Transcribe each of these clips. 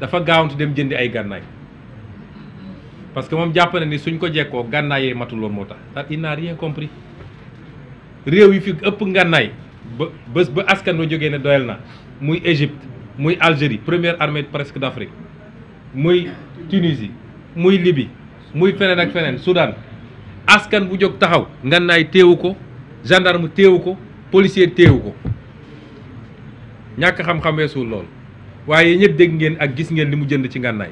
dafa gaawantu dem jëndi ay gànnaay parce que moom jàpp na ni suñ ko jekkoo gànnaayee yee matuloon moo tax ah il rien compris réew yi fi ëpp gànnaay ba bés ba askan wa jóge ne doyal na muy Égypte muy Algérie première armée presque d'Afrique muy Tunisie muy libi muy feneen ak feneen Soudan askan bu jóg taxaw ngànnaay téewu ko gendarme téewu ko policier téewu ko ñàkk xam-xam weesuul lool waaye ñëpp dégg ngeen ak gis ngeen li mu jënd ci ngànnaay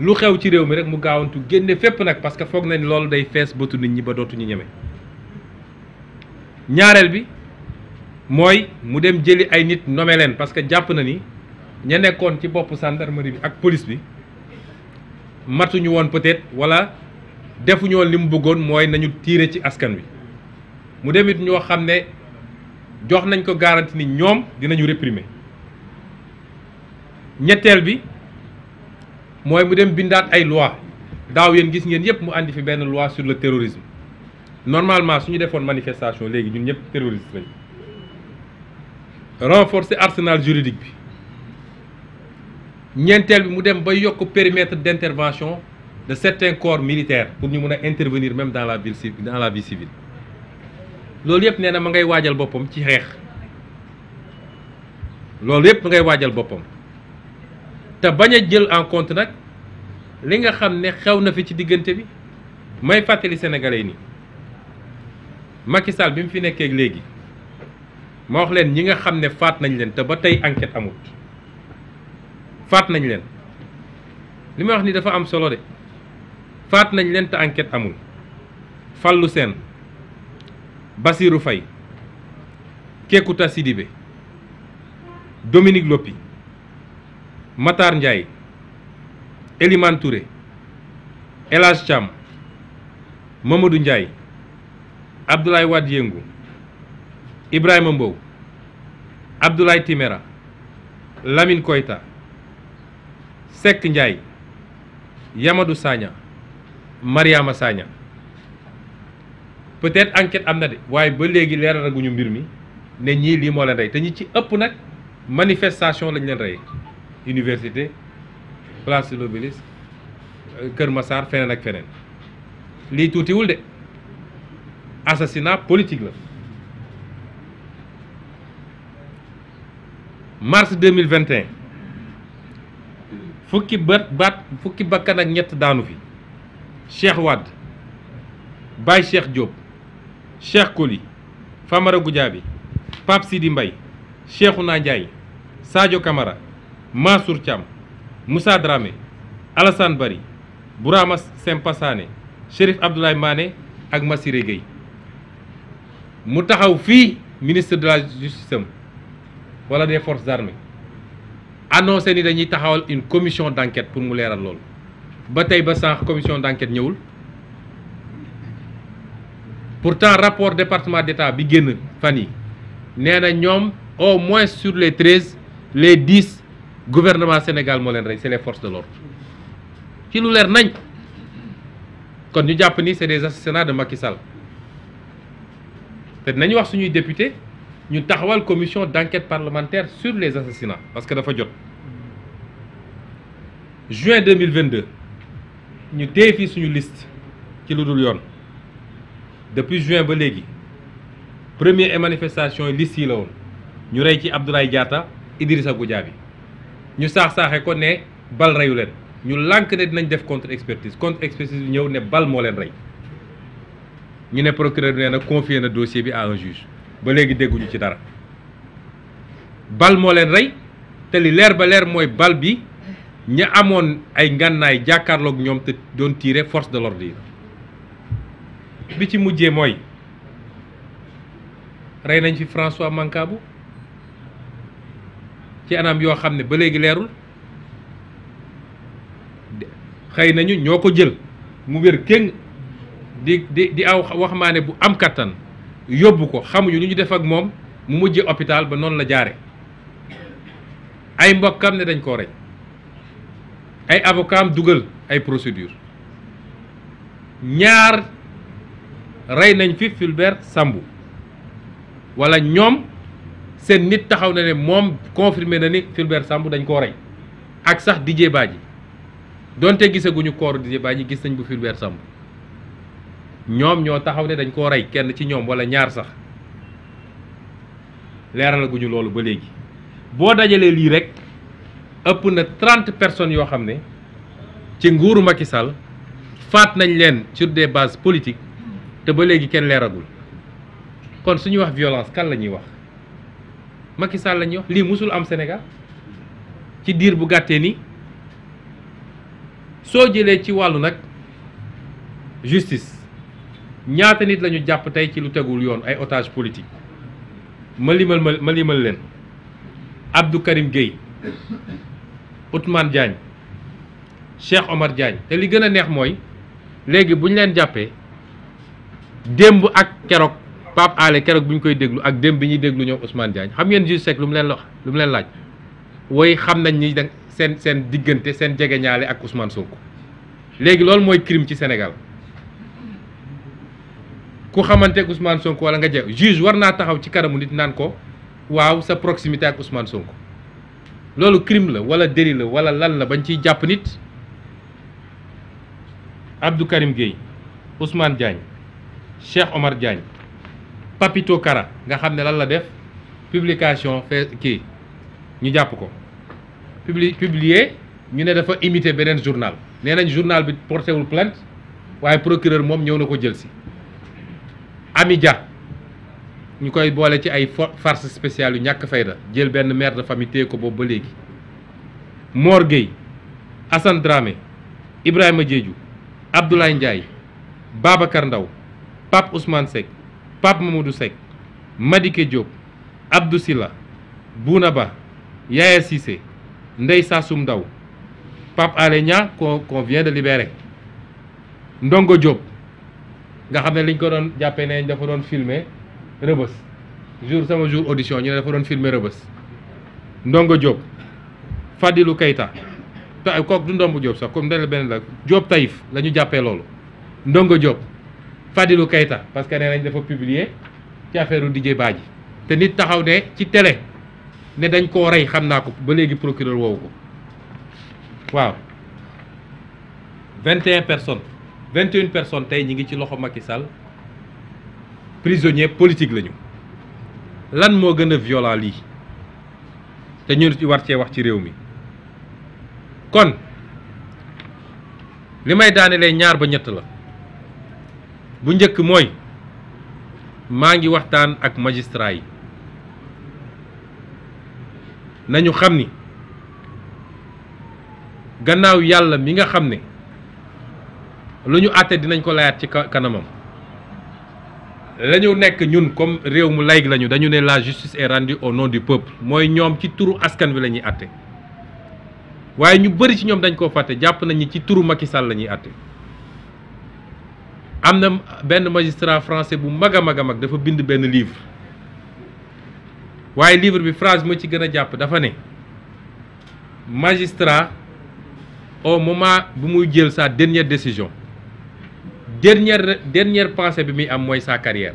lu xew ci réew mi rek mu gaawantu génne fépp nag parce que foog nañ loolu day fees bëtu nit ñi ba dootuñu ñeme ñaareel bi mooy mu dem jëli ay nit nome leen parce que jàpp na ni ña nekkoon ci bopp gendarmerie bi ak police bi matuñu woon peut-être wala defuñu li mu bëggoon mooy nañu tiire ci askan wi mu dem it ñoo xam ne jox nañ ko garanti ni ñoom dinañu réprimer ñetteel bi mooy mu dem bindaat ay loi daaw yéen gis ngeen yëpp mu andi fi benn loi sur le terrorisme normalement su ñu defoon manifestation léegi ñun ñëpp terroriste lañ renforcer arsenal juridique bi ñeenteel bi mu dem ba yokk périmètre d' intervention de certains corps militaire pour ñu mun a intervenir même dans la ville civile la vie civile loolu yëpp nee na ma ngay waajal boppam ci xeex loolu yëpp ma ngay waajal boppam. te bañ a jël en compte nag li nga xam ne xew na fi ci diggante bi may fàttali sénégalais nii Macky Sall bi mu fi nekkee léegi ma wax leen ñi nga xam ne faat nañ leen te ba tey enquête amut faat nañ leen li ma wax ni dafa am solo de faat nañ leen te enquête amul Fallou Sène Bassirou Faye Kékouta Sidibé Dominique Lopi Matar Ndiaye Elimane Touré El Hadj Thiam Mamadou Ndiaye Abdoulaye Wade Yengu Ibrahima Mbow Abdoulaye Timera Lamine Koita Seck Ndiaye Yamadou Sagna Mariama Sagna peut-être enquête am na de waaye ba léegi leeralaguñu mbir mi ne ñii lii moo leen rey te ñi ci ëpp nag manifestation lañ leen rey université place de l'Obélisque euh, Kër Massar feneen ak feneen lii tuutiwul de assassinat politique la mars 2021 fukki bat baat fukki bakkan ak ñett daanu fi Cheikh Wade Baye Cheikh Diop Cheikh Koli Famara Goudiaby Pape Sidi Mbaye Cheikhouna Ndiaye Sadio kamara Mansour Thiam Moussa Dramé Alassane Bari Bourama Sempa Sané Chérif Abdoulaye Mané ak Massiré Gueye mu taxaw fii ministre de la justice am wala des forces armées annoncé ni dañuy taxawal une commission d'enquête pour mu leeral lool ba tey ba sànq commission d'enquête ñëwul pourtant rapport département d'état bi génn fan yi nee na ñoom au moins sur les treize les dix gouvernement Sénégal moo leen rey c'est les forces de l'ordre ci lu leer nañ kon ñu jàpp ni c'est des assassinats de Macky Sall te nañu wax suñuy député ñu taxawal commission d'enquête parlementaire sur les assassinats parce que dafa jot juin 2022 ñu téye suñu list ci lu dul yoon depuis juin ba léegi première manifestation liste yi la ñu rey ci jaata Diatta Idrissa Goudiaby ñu saax-saaxe ko ne bal reyu leen ñu lànk ne dinañ def contre expertise contre expertise bi ñëw ne bal moo leen rey ñu ne procureur nee na confié na dossier bi à juge ba léegi dégguñu ci dara bal moo leen rey te li leer ba leer mooy bal bi ña amoon ay ngànnaay jàkkaarlook ñoom te doon tirer force de l'ordre yi bi ci mujjee mooy rey nañ fi François Mancabou ci anam yoo xam ne ba léegi leerul xëy nañu ñoo ko jël mu wér kéng di di aw waxambaane bu am kattan yóbbu ko xamuñu lu ñu def ak moom mu mujjee hôpital ba noonu la jaare ay mbokkam ne dañ ko rey ay avocat dugal ay procédure ñaar rey nañ fi Fulbert Sambou wala ñoom seen nit taxaw na ne moom confirmé na ni Fulbert Sambou dañ koo rey ak sax Didier Badji donte gisaguñu kooru Didier Badji gis nañ bu Fulbert Sambou ñoom ñoo taxaw ne dañ koo rey kenn ci ñoom wala ñaar sax leeralaguñu loolu ba léegi boo dajalee lii rek ëpp na trent personnes yoo xam ne ci nguuru Macky faat nañ leen sur des bases politiques te ba léegi kenn leeragul kon suñu wax violence kan la ñuy wax Macky Sall la ñuy lii musul am senegal ci diir bu gàttee ni soo jëlee ci wàllu nag justice ñaata nit lañu jàpp tey ci lu tegul yoon ay otage politique ma limal leen Abdou Karim Gueye Outmane Diagne Cheikh Omar Diagne te li gën a neex mooy léegi bu ñu leen jàppee démb ak keroog Pape Alé keroog bu ñu koy déglu ak dem bi ñuy déglu ñoom usmaan Diagne xam ngeen juge sec lu mu leen wax lu mu leen laaj woy xam nañ ni da seen seen diggante seen jegeñaale ak Ousmane Sonko léegi loolu mooy crime ci senegal ku xamante ak Ousmane wala nga je juge war naa taxaw ci kanamu nit naan ko waaw sa proximité ak Sonko loolu crime la wala délit la wala lan la bañ ciy jàpp nit Abdou Karim Gueye usmaan Diagne Cheikh Omar Diagne Papito Kara nga xam ne lan la def publication fee kii ñu jàpp ko publi publier ñu ne dafa imiter beneen journal nee nañ journal bi porté wul waaye procureur moom ñëw na ko jël si Ami ñu koy boole ci ay farce spéciale yu ñàkk fayda jël benn mère de famille téye ko boobu ba léegi moor Gueye Assane Dramé Ibrahima Diédhiou Abdoulaye Ndiaye Babacar Ndaw Pape Ousmane Seck Pape Mamadou du Madické Diop Abdou Silla Bouna Ba Yaya ndey Ndeye Sassoum Ndaw Pape Alé Niang qu'on vient de libérer Ndongo Diop nga xam ne liñ ko doon jàppee ne dafa doon filmer rëbës sama jour audition ñu ne dafa doon filmer rëbës Ndongo Diop Fadilou Keita ta kook du ndomb Diop sax comme dana benn la Diop Taïf la ñu jàppee loolu Ndongo Diop Fadilou Keita parce que nee nañ dafa publier ci affaire u Didier Badji te nit taxaw ne ci tele ne dañ koo rey xam naa ko ba léegi procureur woowu ko waaw 21 personnes 21 personnes tey ñi ngi ci loxo Macky Sall prisonnier politique lañu lan moo gën a violent lii te ñu war cee wax ci réew mi kon li may daanelee ñaar ba ñett la bu njëkk mooy maa ngi waxtaan ak magistrat yi nañu xam ni gannaaw yàlla mi nga xam ne lu ñu àtte dinañ ko layaat ci kanamam la ñu nekk ñun comme réew mu laïc lañu dañu ne la justice est rendue au nom du peuple mooy ñoom ci turu askan wi la ñuy àtte waaye ñu bëri ci ñoom dañ koo fàtte jàpp nañu ci turu Macky Sall la ñuy àtte am na benn magistrat français bu mag a mag mag dafa bind benn livre waaye livre bi phrase moo ci gën a jàpp dafa ne magistra au moment bu muy jël sa dernière décision dernière dernière pensée bi muy am mooy sa carrière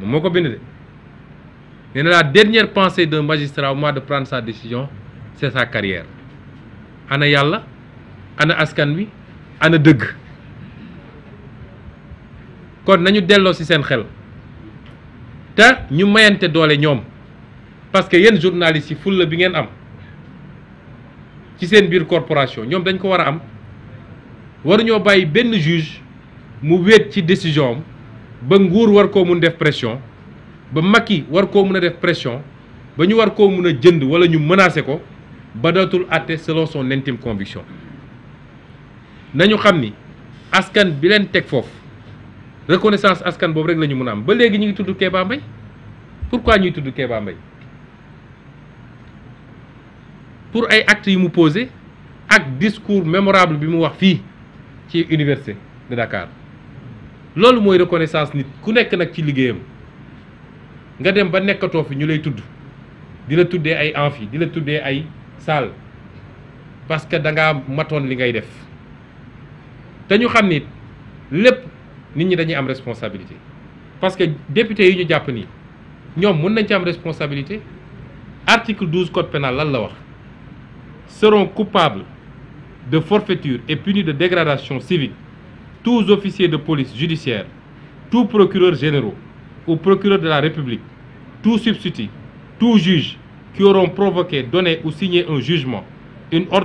moo ko bind de nee naa la dernière de magistra magistrat moment de prendre sa décision c'est sa carrière ana yàlla ana askan wi ana dëgg kon nañu delloo ci seen xel te ñu mayante doole ñoom parce que yéen journalistes yi fulla bi ngeen am ci seen biir corporation ñoom dañ ko war a am waruñoo bàyyi benn juge mu wéet ci décision am ba nguur war koo mun def pression ba mag Macky war koo mun a def pression ba ñu war koo mun a jënd wala ñu menacer ko ba dootul àtte selon son intime conviction nañu xam ni askan bi leen teg foofu reconnaissance askan boobu rek la ñu mun a am ba léegi ñu ngi tudd Kéba Mbaye pourquoi ñuy tudd Kéba Mbaye pour ay actes yu mu posé ak discours mémorable bi mu wax fii ci université de Dakar loolu mooy reconnaissance nit ku nekk nag ci liggéeyam nga dem ba nekkatoo fi ñu lay tudd di la tuddee ay amphi di la tuddee ay salle parce que da ngaa matoon li ngay def te ñu xam ni lépp nit ñi dañuy am responsabilité parce que député yi ñu jàpp ni ñoom mun nañ ci am responsabilité article 12 code pénal lan la wax seront coupables de forfaiture et punis de dégradation civique tous officiers de police judiciaire tous procureurs généraux ou procureurs de la République tous substituts tous juges qui auront provoqué donné ou signé un jugement